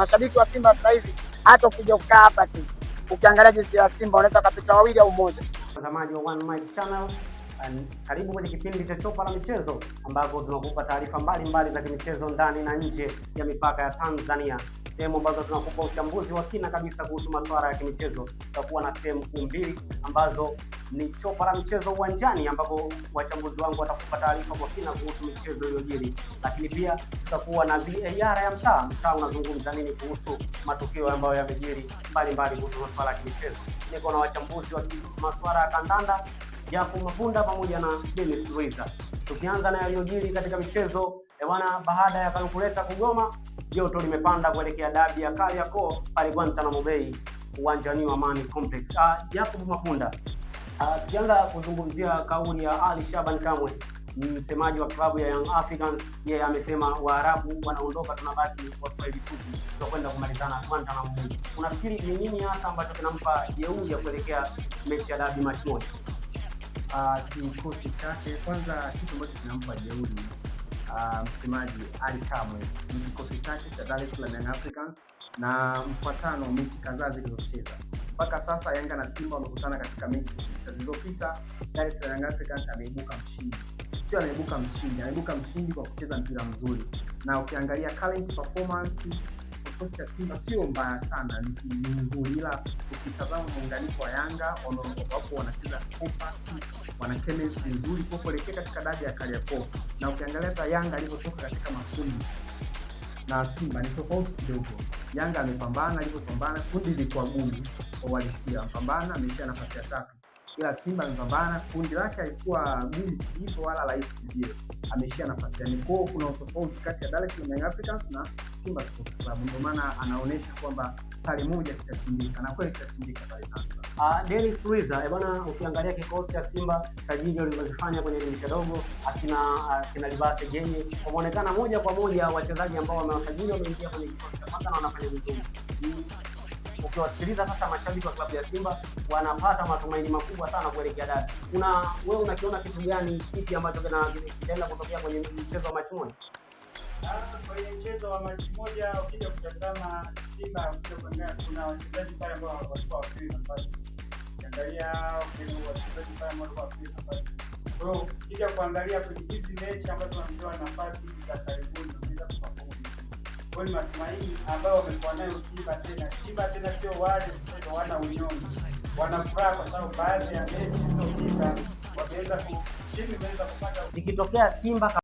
Mashabiki wa Simba sasa hivi hata ukija kukaa hapa tu ukiangalia jinsi ya Simba unaweza ukapita wawili au mmoja. Watazamaji wa One Mic Channel, karibu kwenye kipindi cha Chopa la Michezo ambapo tunakupa taarifa mbalimbali za kimichezo ndani na nje ya mipaka ya Tanzania sehemu ambazo tunakupa uchambuzi wa kina kabisa kuhusu masuala ya kimichezo. Tutakuwa na sehemu kuu mbili ambazo ni chopa la michezo uwanjani, ambapo wachambuzi wangu watakupa taarifa kwa kina kuhusu michezo iliyojiri, lakini pia tutakuwa na VAR ya mtaa. Mtaa unazungumza nini kuhusu matukio ambayo yamejiri mbalimbali kuhusu masuala ya kimichezo? Niko na wachambuzi wa masuala ya kandanda Jafu Mapunda pamoja na Dennis Ruiza. Tukianza na yaliyojiri katika michezo Eh, bwana, baada ya kalukuleta kugoma, joto limepanda kuelekea dabi ya Kariakoo pale Guantanamo Bay, uwanjani wa Amani Complex. Ah, Jacob Mapunda, ah, tukianza kuzungumzia kauli ya Ali Shaban Kamwe, msemaji wa klabu ya Young Africans, yeye amesema Waarabu wanaondoka, tunabaki Waswahili tupu, tutakwenda kumalizana Guantanamo Bay. Unafikiri ni nini hasa ambacho kinampa jeuri ya kuelekea mechi ya dabi Machi moja? Ah, kikosi chake kwanza, kitu ambacho kinampa jeuri Ah, msemaji Ali Kamwe ni kikosi chake cha Dar es Salaam Africans na mfuatano wa mechi kadhaa zilizocheza mpaka sasa. Yanga na Simba wamekutana katika mechi sita zilizopita. Dar es Salaam Africans ameibuka mshindi, sio anaibuka mshindi, anaibuka mshindi kwa kucheza mpira mzuri, na ukiangalia current performance kikosi cha Simba sio mbaya sana, ni nzuri, ila ukitazama muunganiko wa Yanga wapo wanacheza kopa, wana chemistry nzuri kwa kuelekea katika dabi ya Kariakoo, na ukiangalia hata Yanga alivyotoka katika makundi na Simba ni tofauti kidogo. Yanga amepambana, alivyopambana kundi lilikuwa gumu kwa walisia, pambana ameishia nafasi ya tatu, ila Simba amepambana, kundi lake alikuwa gumu hivyo wala rahisi vile, ameishia nafasi ya nne. Kuna utofauti kati ya Dar es Salaam Young Africans na Simba tuko kwa sababu ndio maana anaonyesha kwamba pale moja kitashindika na kweli kitashindika pale Zanzibar. Ah, Dennis Suiza eh bwana, ukiangalia kikosi cha Simba sajili walizofanya kwenye dirisha dogo akina ah, akina Libate Jenye wameonekana moja kwa moja wachezaji ambao wamewasajili wameingia kwenye kikosi cha kwanza na wanafanya vizuri. Hmm, ukiwasikiliza sasa mashabiki wa klabu ya Simba wanapata matumaini makubwa sana kuelekea dada. Una wewe unakiona kitu gani kipi ambacho kinaenda kutokea kwenye mchezo wa machimoni? Kwenye mchezo wa machi moja, ukija kutazama Simba kuna wachezaji pale ambao hawakuwa wapewi nafasi, ukiangalia wachezaji pale ambao hawapewi nafasi. Kwa hiyo ukija kuangalia kwenye hizi mechi ambazo wamepewa nafasi hizi za karibuni, unaweza kufaulu kwa ni matumaini ambayo wamekuwa nayo Simba. Tena Simba tena sio wale wana unyonge, wana furaha kwa sababu baadhi ya mechi zilizopita wameweza timu imeweza kupata ikitokea Simba